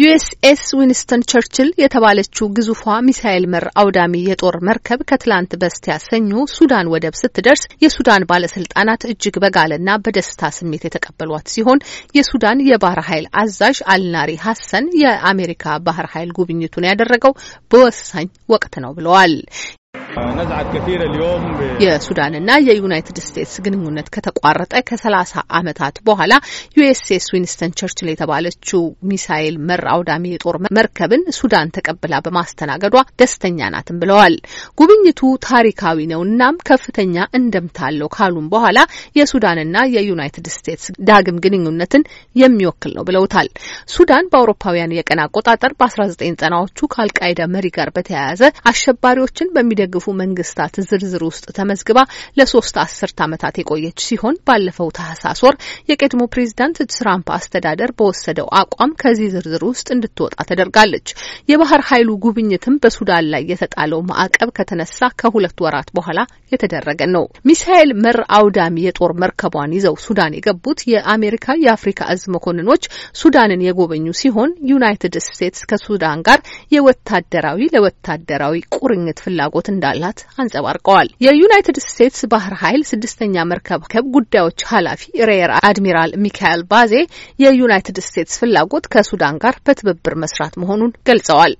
ዩኤስኤስ ዊንስተን ቸርችል የተባለችው ግዙፏ ሚሳኤል መር አውዳሚ የጦር መርከብ ከትላንት በስቲያ ሰኞ ሱዳን ወደብ ስትደርስ የሱዳን ባለስልጣናት እጅግ በጋለና በደስታ ስሜት የተቀበሏት ሲሆን የሱዳን የባህር ኃይል አዛዥ አልናሪ ሀሰን የአሜሪካ ባህር ኃይል ጉብኝቱን ያደረገው በወሳኝ ወቅት ነው ብለዋል። የሱዳንና የዩናይትድ ስቴትስ ግንኙነት ከተቋረጠ ከሰላሳ ዓመታት በኋላ ዩኤስኤስ ዊንስተን ቸርችል የተባለችው ሚሳኤል መር አውዳሚ የጦር መርከብን ሱዳን ተቀብላ በማስተናገዷ ደስተኛ ናትም ብለዋል። ጉብኝቱ ታሪካዊ ነው፣ እናም ከፍተኛ እንደምታለው ካሉም በኋላ የሱዳንና የዩናይትድ ስቴትስ ዳግም ግንኙነትን የሚወክል ነው ብለውታል። ሱዳን በአውሮፓውያን የቀን አቆጣጠር በ1990ዎቹ ከአልቃይዳ መሪ ጋር በተያያዘ አሸባሪዎችን በሚደግፉ አቀፉ መንግስታት ዝርዝር ውስጥ ተመዝግባ ለሶስት አስርት ዓመታት የቆየች ሲሆን ባለፈው ታህሳስ ወር የቀድሞ ፕሬዚዳንት ትራምፕ አስተዳደር በወሰደው አቋም ከዚህ ዝርዝር ውስጥ እንድትወጣ ተደርጋለች። የባህር ኃይሉ ጉብኝትም በሱዳን ላይ የተጣለው ማዕቀብ ከተነሳ ከሁለት ወራት በኋላ የተደረገ ነው። ሚሳኤል መር አውዳሚ የጦር መርከቧን ይዘው ሱዳን የገቡት የአሜሪካ የአፍሪካ እዝ መኮንኖች ሱዳንን የጎበኙ ሲሆን ዩናይትድ ስቴትስ ከሱዳን ጋር የወታደራዊ ለወታደራዊ ቁርኝት ፍላጎት እንዳለ እንዳላት አንጸባርቀዋል። የዩናይትድ ስቴትስ ባህር ኃይል ስድስተኛ መርከብ ከብ ጉዳዮች ኃላፊ ሬየር አድሚራል ሚካኤል ባዜ የዩናይትድ ስቴትስ ፍላጎት ከሱዳን ጋር በትብብር መስራት መሆኑን ገልጸዋል።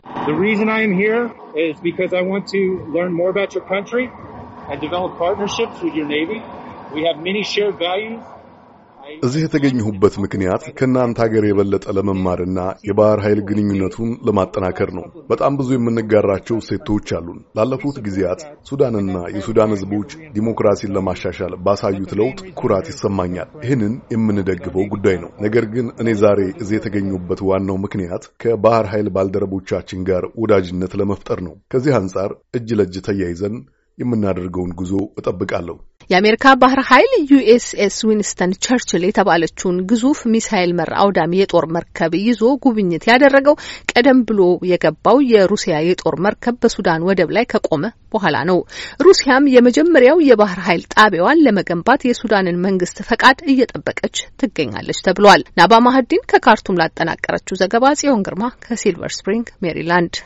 እዚህ የተገኘሁበት ምክንያት ከእናንተ ሀገር የበለጠ ለመማርና የባህር ኃይል ግንኙነቱን ለማጠናከር ነው። በጣም ብዙ የምንጋራቸው ሴቶች አሉን። ላለፉት ጊዜያት ሱዳንና የሱዳን ሕዝቦች ዲሞክራሲን ለማሻሻል ባሳዩት ለውጥ ኩራት ይሰማኛል። ይህንን የምንደግፈው ጉዳይ ነው። ነገር ግን እኔ ዛሬ እዚህ የተገኘሁበት ዋናው ምክንያት ከባህር ኃይል ባልደረቦቻችን ጋር ወዳጅነት ለመፍጠር ነው። ከዚህ አንጻር እጅ ለእጅ ተያይዘን የምናደርገውን ጉዞ እጠብቃለሁ። የአሜሪካ ባህር ኃይል ዩኤስኤስ ዊንስተን ቸርችል የተባለችውን ግዙፍ ሚሳይል መር አውዳሚ የጦር መርከብ ይዞ ጉብኝት ያደረገው ቀደም ብሎ የገባው የሩሲያ የጦር መርከብ በሱዳን ወደብ ላይ ከቆመ በኋላ ነው። ሩሲያም የመጀመሪያው የባህር ኃይል ጣቢያዋን ለመገንባት የሱዳንን መንግስት ፈቃድ እየጠበቀች ትገኛለች ተብሏል። ናባ ማህዲን ከካርቱም ላጠናቀረችው ዘገባ ጽዮን ግርማ ከሲልቨር ስፕሪንግ ሜሪላንድ